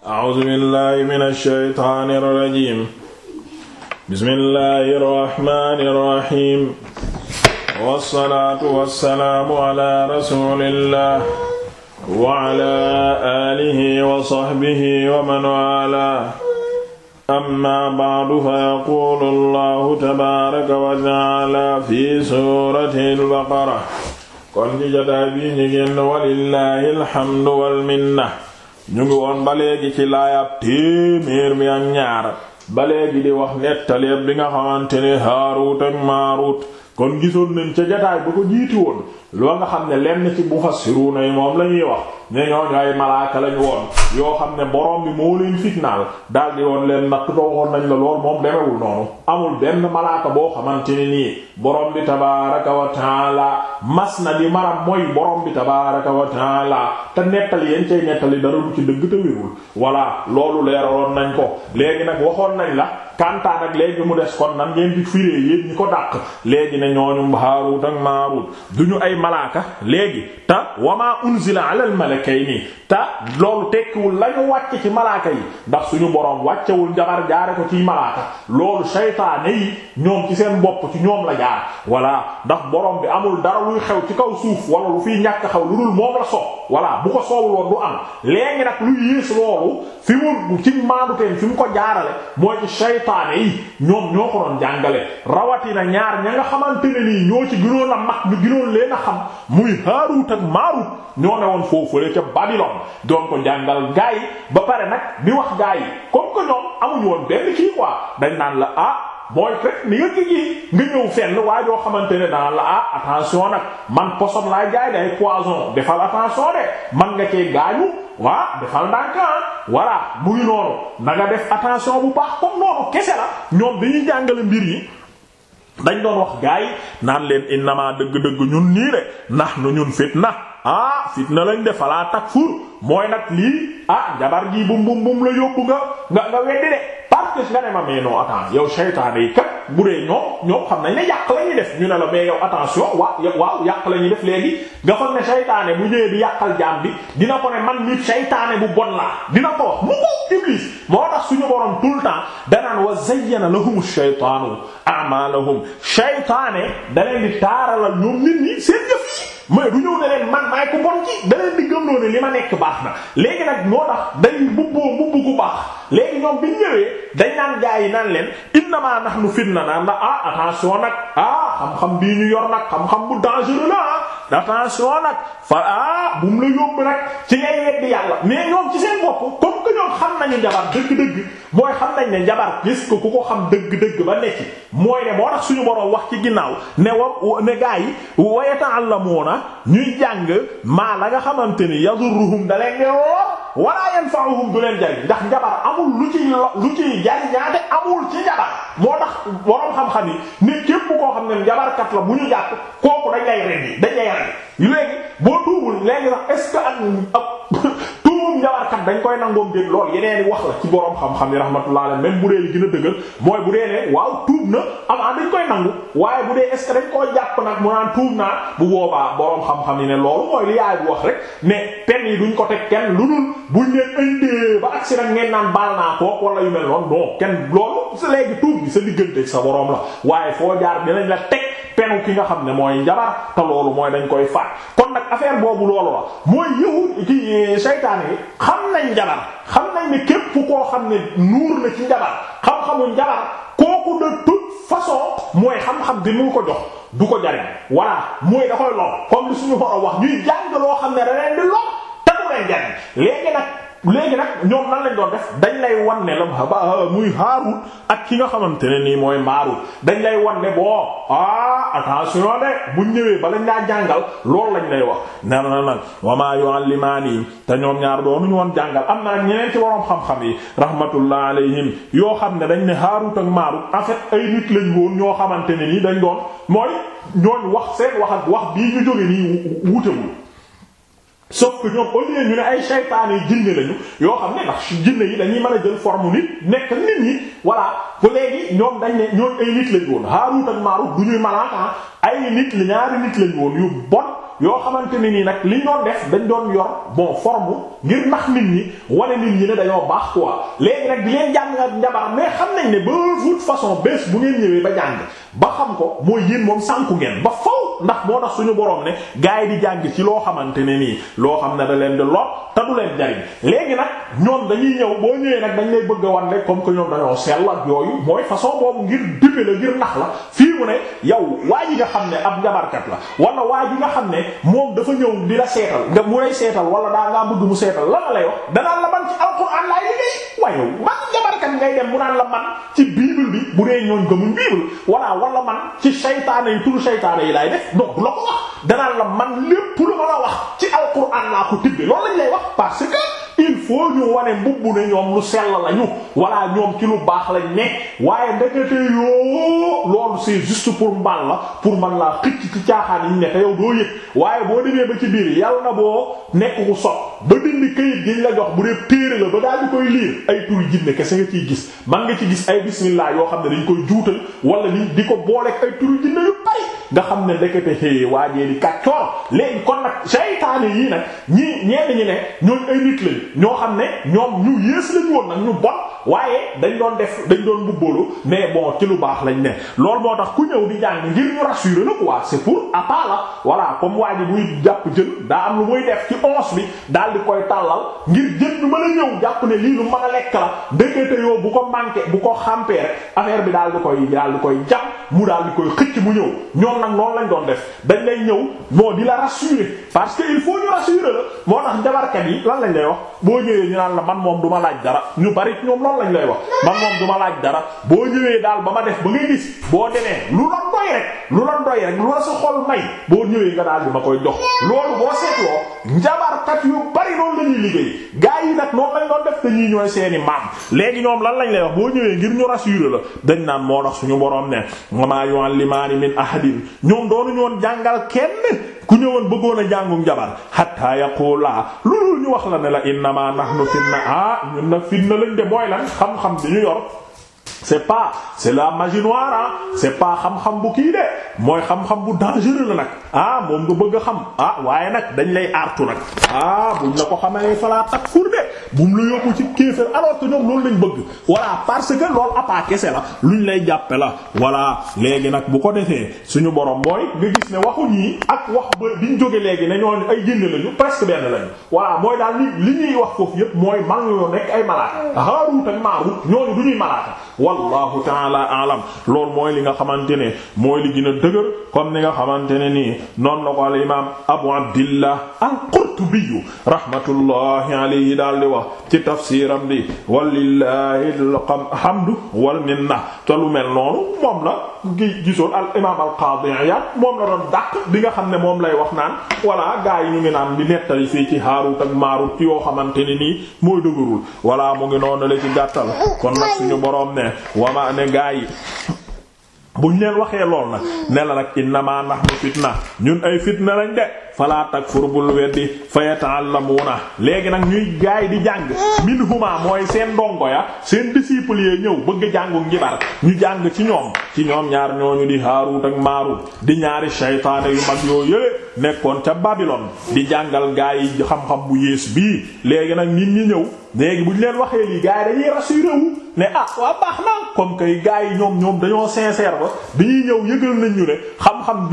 a'uuzu billaahi mina shaytaani rajiim bismillaahi rahmaani rahiim wassalaatu wassalaamu alaa rasuulillaah wa alaa aalihi wa sahbihi wa man waalaa amma ba'du fa yaquulu allahu tabaaraka wa ta'aala fi suurati al-baqara kon ci jotaay bi ñu génn walillaahi alhamdu wal minna ñu ngi woon ba léegi ci laayab téeméer mi ak ñaar ba léegi di wax nettaleeb bi nga xamante ne Haarut ak Maarut kon gisoon nañ ca jataay ba ko jiiti woon loo nga xam ne lenn ci mufassiruna yi moom la ñuy wax ne ñooñu ay malaaka lañu woon yoo xam ne borom bi moo leen fitnaal daal di woon leen natt waxoon nañ la lool moom demewul noonu amul benn malaaka boo xamante ne nii borom bi tabaaraka wa taala mas na di maram mooy borom bi tabaaraka wa taala te nettali yéen cay nettali dara du ci dëgg te wérul voilà loolu leeraloon nañ ko léegi nag waxoon nañ la. kantaan ak léegi mu des kon nan ngeen di firee yéen ñi ko dàq léegi ne ñooñu Haaruut ak Maaruut ñu ay malaaka léegi te wamaa unzila alal malakayni te loolu tekkiwul lañu wàcc ci malaaka yi ndax suñu boroom wàccewul jabar jaare ko ciy malaaka loolu saytaane yi ñoom ci seen bopp ci ñoom la jaar voilà ndax boroom bi amul dara luy xew ci kaw suuf wala lu fiy ñàkk xew lu dul moom la soob voilà bu ko soobul woon du am léegi nag lu yées loolu seytaane yi ñoo ko doon rawatina ñaar ña nga xamante ne nii ñoo leen xam muy Haarut ak Maarut ñoo ne woon foofule ca Babylone doon ko ba pare nag di wax gaa yi comme dañ naan la ah. mooy fekk ni nga gis nga ñëw fenn waa joo xamante ne daan la ah attention nag man poson laay jaay day poison defal attention de man nga cee gaañu. waa defal ndànka voilà mu ngi noonu na nga def attention bu baax comme noonu kese la ñoom dañuy jàngale mbir yi dañ doon wax gaay naan leen innama dëgg-dëgg ñun nii de ndax nu ñun fitna ah na lañu def falaa takfur mooy nag lii ah jabar ji bum bum bum la yóbbu nga nga nga weddi de parce que nga ne ma mais non attends yow seytaane yi kat bu dee ñoom ñoo xam nañ ne yàq la ñuy def ñu ne la mais yow attention waaw yàq la ñuy def léegi nga xam ne seytaane bu ñëwee di yàqal jaam bi dina ko ne man nit seytaane bu bon laa dina ko wax mu ko iblis moo tax suñu borom tout le temps danaan wa zayyana lahumu shaytaanu a'maalahum seytaane da leen di taaralal ñoom nit ñi seen jëf mooy du ñëw ne leen man maay ku bon ci da leen di li ma nekk baax na léegi nag moo tax day mbubboo mbubbu ku baax léegi ñoom bi ñëwee dañ naan gaa yi naan leen innamaa nahnu fitna naan la ah attention nag ah xam-xam bii ñu yor nag xam-xam bu dangereux la ah attention nag fa ah bu mu la yóbbu nag ci ngay weddi yàlla mais ñoom ci seen bopp comme que ñoom xam nañu njabar dëgg-dëgg mooy xam nañ ne njabar gis ko ku ko xam dëgg-dëgg ba nekk mooy ne moo tax suñu borom wax ci ginnaaw ne wa ne gaa yi wa yata'allamuna ñuy jàng maa la nga xamante ni yadurruhum da leen woo wala yanfa'uhum du leen jariñ ndax njabar amul lu ci lu ci jariñaate amul ci njabar moo tax borom képp koo xam ne njabarkat la bu ñu jàpp kooku dañ lay rey dañ lay rey léegi boo tuubul léegi sax est ce que ak ak njabarkat dañ koy nangoom dégg lool yeneen i wax la ci borom xam-xam yi rahmatullah alayhi bu dee li a dëggal mooy bu dee ne waaw tuub na avant dañ koy nangu waaye bu dee est ce que dañ koo ne loolu mooy li yaay bu wax rek pen yi duñ ko teg kenn lu dul buñ leen indee ba agsi nag ngeen naan baal naa ko wala yu mel noonu non kenn loolu léegi tuub bi sa digganteeg sa borom la waaye foo jaar dinañ la teg. penu ki nga xam ne mooy njabar te loolu mooy dañ koy faat kon nag affaire boobu loolu la mooy yahud ki eh, seytaane yi xam nañ njabar xam nañ ne képp koo xam ne nuur na ci njabar xam-xamu njabar kooku de toute façon mooy xam-xam bi mu ko jox du ko jariñ voilà mooy da koy lor comme li suñu borom wax ñuy jàng loo xam ne da leen di te du leen jariñ léegi nag léegi nag ñoom nan lañ doon def dañ lay wan ne la ah, ah, muy Haarut ak ki nga xamante ne nii mooy Maarut dañ lay wan ne boo ah attention de bu ñëwee ba lañ laa jàngal lool lañ lay wax. nee na nag wa maa yu'allimaani te ñoom ñaar doo doonuñu woon jàngal am na ñeneen ci waroom xam-xam yi rahmatullah alayhim yoo xam ne dañ ne Haarut ak Maarut en fait ay nit lañ woon ñoo xamante ne nii dañ doon mooy ñooñ wax seen wax ak wax bii ñu jógee nii wutewul sauf que ñoom au ñu ne ay shaytaane yi jinne lañu yoo xam ne ndax jinne yi dañuy mën a jël forme nit nekk nit ñi voilà ku léegi ñoom dañ ne ñoom ay nit lañu woon Haarut ak Maarut du ñuy malaaka ah. ay nit ñaari nit woon yu bon yoo xamante ne nii nag li ñoo def dañ doon yor bon forme ngir nax nit ñi wane nit ñi ne dañoo baax quoi léegi nag bi leen jàng nga njabar mais xam nañ ne ba toute façon bees bu ngeen ñëwee ba jàng ba xam ko mooy yéen moom sànku ngeen ba faw ndax moo tax suñu borom ne gars di jàng ci loo xamante ne nii loo xam ne da leen di lot te du leen jariñ léegi nag ñoom dañuy ñëw boo ñëwee nag dañ lay bëgg a wan rek comme que ñoom dañoo sell ak yooyu mooy façon boobu ngir dupe la ngir nax la fii mu ne yow waa yi nga xam ne ab njabarkat la wala waa ji nga xam ne moom dafa ñëw di la seetal nga mu lay seetal wala daa ngaa bëgg mu seetal la la danaa la man ci alxuraan laay liggéey waaye man jabarkat ngay dem mu naan la man ci bible bi bu dee ñooñ gëmuñ bible walla wala man ci saytaane yi turu saytaane yi laay def donc la ko wax danaan la man lépp lu ma la wax ci alxuraan laa ko tibbi loolu lañ lay wax parce que il faut ñu wane mbubb ne ñoom lu sell lañu walla ñoom ci lu baax lañ ne waaye ndekete yoo loolu c'est juste pour mbal la pour man laa xëcc ci caaxaan yi ne te yow doo yëg waaye boo demee ba ci biir yàlla na boo nekk ku sot ba dindi këyit giñ la jox bu dee téere la ba daal di koy liir ay turi jinne kese nga ciy gis man nga ci gis ay bismillah yoo xam ne dañ koy juutal wala ni di ko booleek ay turi jinne yu bari nga xam ne ndekete xëyee waajee di kàccoor léegi kon nag seytaane yii nag ñii ñenn ñi ne ñooñ ay nit ñoo xam ne ñoom ñu yées lañ woon nag ñu bon waaye dañ doon def dañ doon bubboolu mais bon ci lu baax lañ ne lool moo tax ku ñëw di jàng ngir ñu rassurer la quoi c'est pour appât la voilà comme waa ji muy jàpp jën daa am lu muy def ci once bi daal di koy tàllal ngir jën ñu mën a ñëw jàpp ne lii lu mën a lekk la ndekete yoo bu ko manqué bu ko xàmpee rek bi daal di koy daal di koy jàpp mu daal di koy xëcc mu ñëw ñoom nag noonu lañ doon def dañ lay ñëw moo di la rassurer parce que il faut ñu rassurer la moo tax njabarkat yi lan lañ lay wax boo ñëwee ñu naan la man moom du ma laaj dara ñu bari ñoom loolu lañ lay wax man moom du ma laaj dara boo ñëwee daal ba ma def ba nga gis boo demee lu la doy boo ñëwee nga daal ma koy jox loolu boo seetloo njabarkat yu bari noonu lañuy liggéey gaa yi nag noonu lañ doon def seeni maam léegi ñoom lan lañ lay wax boo ñëwee ngir ñu rassurer la dañ naan moo tax suñu borom ne wa ma yu'allimani min ahadin ñoom doonu ñoon jàngal kenn ku ñëwoon bëggoon a jàngum jabar hatta yaqula loolu ñu wax la ne la innama nahnu fitna ah ñun na fitna lañ de mooy lan xam-xam bi ñu yor c'est pas c'est la magie noire ah c'est pas xam-xam bu kii de mooy xam-xam bu dangereux la nag ah moom nga bëgg xam ah waaye nag dañ lay artu nag ah buñ la ko xamee falaa tak fur de bu mu la yóbbu ci kéefër alors que ñoom loolu lañ bëgg voilà parce que loolu appât kese la luñ lay jàppe la voilà léegi nag bu ko defee suñu borom mooy nga gis ne waxu ñii ak wax ba ñu jógee léegi ne ñooñu ay jinne lañu presque benn lañu voilà mooy daal li li ñuy wax foofu yépp mooy mang ay malaaka wallahu taala alam loolu mooy li nga xamante ne mooy li gën a dëgër kon ni nga xamante ne nii noonu la ko al imaam abu abdillah al-Qurtubi rahmatullahi alayhi di wax ci tafsiram bi walillahi alhamdu wal minna te lu mel noonu moom la gi gisoon al imaam al qaadi Iyaad moom la doon dàq bi nga xam ne moom lay wax naan voilà gaa yi ñu ngi naan di nettali fii ci Haarut ak Maarut ci yoo xamante ne nii mooy dëgërul voilà mu ngi noonu la ci gàttal kon nag suñu boroom ne wamaane ne yi bu leen waxee lool nag ne la nag innamaa nahnu fitna ñun ay fitna lañ de falaat ak takfur bul weddi fa yata'allamuuna léegi nag ñuy gaay di jàng minhuma mooy seen ndongo ya seen disciples yee ñëw bëgg jàngu njibar ñu jàng ci ñoom ci ñoom ñaar ñooñu di Haarut ak Maarut di ñaari shaytaane yu mag yoo yële nekkoon ca Babylone di jàngal gaay yi xam-xam bu yées bii léegi nag nit ñi ñëw léegi bu ñu leen waxee lii gaay yi dañuy rassuré wu ne ah waa baax na comme que gaay yi ñoom ñoom dañoo sincère ba bi ñuy ñëw yëgal nañ ñu ne xam-xam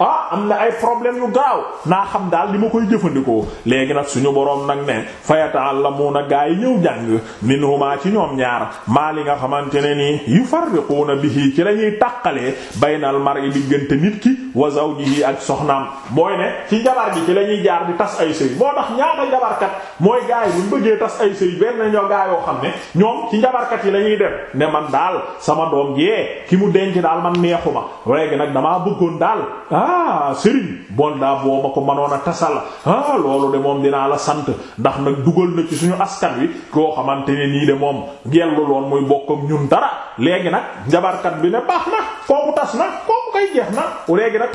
ah am na ay problème yu gaaw naa xam daal li ma koy jëfandikoo léegi nag suñu boroom nag ne fayata'allamuna gaa yi ñëw jàng minhuma ci ñoom ñaar maa li nga xamante ne nii yufarriquna bihi ci lañuy tàqalee baynal mar'i diggante nit ki wa zawjihi ak soxnaam mooy ne ci jabar gi ci lañuy jaar di tas ay sëy moo tax ñaata jabarkat mooy gaa yi buñ bëggee tas ay sëy benn ñoo gaa yoo xam ne ñoom ci njabarkat yi lañuy def ne man daal sama doom jee ki mu denc daal man neexuma léegi nag ah Serigne bon daa boo ma ko manoon a tasal ah loolu de moom dinaa la sant ndax nag dugal na ci suñu askat wi koo xamante ne nii de moom gellu loon muy bokk ak ñun dara léegi nag njabarkat bi ne baax na kooku tas na ko kay jeex na léegi nag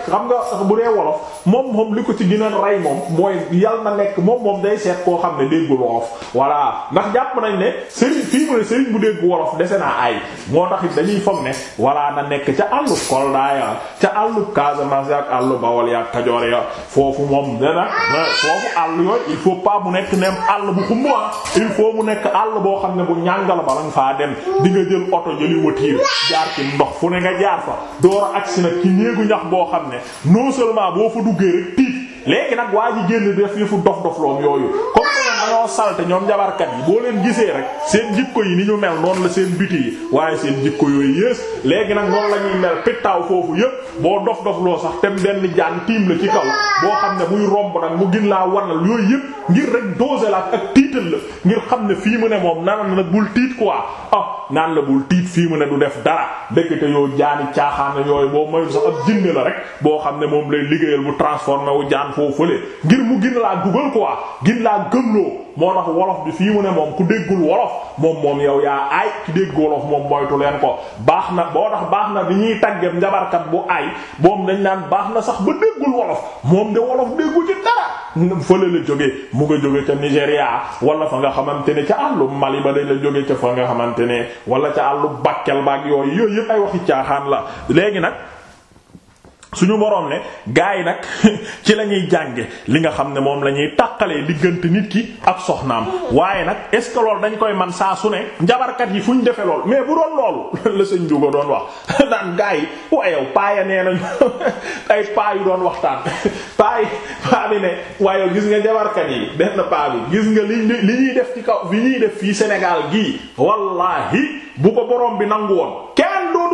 bu dee wolof moom moom li ko ci gën a rey moom mooy yal na nekk moom moom day seet koo xam ne déggul wolof voilà ndax jàpp nañ ne sëriñ fii mu ne sëriñ bu dégg wolof dese naa ay moo tax it dañuy foog ne voilà na nekk ca àllub Kolda ya ca àllub Casamance ak àllu Bawol ya Kajoor ya foofu moom dana foofu àll yooyu il faut pas mu nekk nem àll bu xumba ah. il faut mu nekk àll boo xam ne bu ñàngal bala nga faa dem di nga jël oto jëli watiir jaar ci ndox fu ne nga jaar def ci néegu ñax boo xam ne non seulement boo fa duggee rek tiit léegi nag waa ji génn def yëfu dof dof loom yooyu dañoo salte ñoom njabarkat yi boo leen gisee rek seen jikko yi ni ñu mel noonu la seen biti yi waaye seen jikko yooyu yées léegi nag noonu la ñuy mel pittaaw foofu yëpp boo dof dof loo sax tem benn jaan tiim la ci kaw boo xam ne muy romb nag mu gin laa warnal yooyu yëpp ngir rek doose la ak tiital la ngir xam ne fii mu ne moom nanan nag bul tiit quoi ah naan la bul tiit fii mu ne du def dara te yoo jaani caaxaan yooyu boo moyul sax ab jinne la rek boo xam ne moom lay liggéeyal bu transformé wu jaan foofu fële mu gin laa dugal quoi moo tax wolof bi fii mu ne moom ku déggul wolof moom moom yow yaa aay ki dégg wolof moom moytu leen ko baax na boo tax baax na bi ñuy tàggeem njabarkat bu ay boom dañ naan baax na sax ba déggul wolof moom de wolof déggu ci dara fële la jóge mu nga jóge ca Nigéria wala fa nga xamante ne ca àllu Mali ba dañ la jóge ca fa nga xamante ne wala ca àllu Bakel baak yooyu yooyu yëpp ay waxi caaxaan la léegi nag suñu boroom ne gaa yi nag ci la ñuy jànge li nga xam ne moom la ñuy tàqalee diggante nit ki ak soxnaam waaye nag est dañ koy man saa su ne njabarkat yi fu ñu defee lool mais bu doon loolu la sëñ Diogo doon wax daan gaay yi waaye nee nañu ay paa yu doon waxtaan paa yi paa bi ne waaye gis nga njabarkat yi benn paa bi gis nga li li ñuy def ci kaw li ñuy def fii Sénégal gii wallaahi bu ko boroom bi nangu woon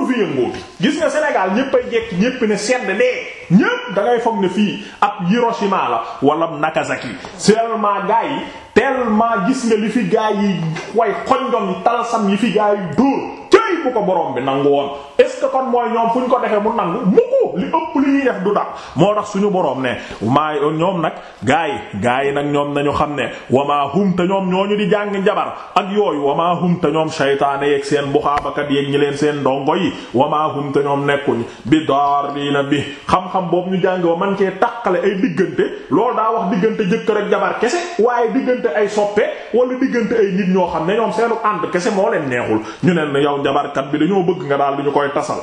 fi yëngootu gis nga Sénégal ñépp jekk ñépp ne sedd dee ñépp da ngay foog ne fii ab Hiroshima la wala Nagasaki seulement gaa yi tellement gis nga li fi gaa yi way xonjom talasam yi fi gaa yi dóor cëy bu ko borom bi nangu woon est kon mooy ñoom fu ñu ko defee mu nangu ëppoo li ëpp li ñuy def du daq moo tax suñu boroom ne maay ñoom nag gaa yi gaa yi nag ñoom nañu xam ne wamaa hum te ñoom ñu di jàng njabar ak yooyu wamaa hum te ñoom saytaane yeeg seen buxaabakat yeeg ñi leen seen ndongo yi wamaa hum te ñoom nekkuñ bi daar diina bi xam boobu ñu jàng man cee takkale ay diggante loolu daa wax diggante jëkkër ak jabar kese waaye diggante ay soppe wala diggante ay nit ñoo xam ne ñoom seenu ànd kese moo leen neexul ñu ne yow njabarkat bi dañoo bëgg nga daal bi ñu koy tasal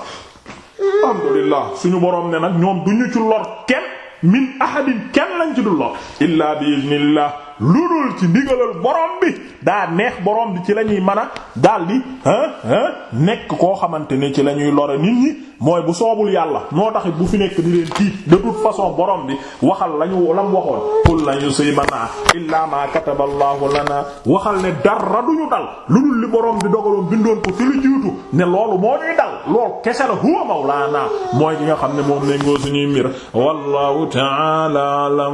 alhamdulillah suñu boroom ne nag ñoom duñu ci lor kenn min ahadin kenn lañ ci du lor illa bi idnillah lu dul ci ndigalal borom bi daa neex borom bi ci la ñuy mën a daldi hein hein nekk koo xamante ne ci la ñuy lore nit ñi mooy bu soobul yàlla moo taxit bu fi nekk di leen tiit de façon borom bi waxal lañu ñu lam waxoon pour qul lan yusibana illa ma kataba la lana waxal ne dara du ñu dal lu dul li borom bi dogaloon bindoon ko ci lu jiitu ne loolu moo ñuy dal lool kese la huwa mawlana mooy ki nga xam ne moom lañ ngoo suñuy mbir wallahu ta'ala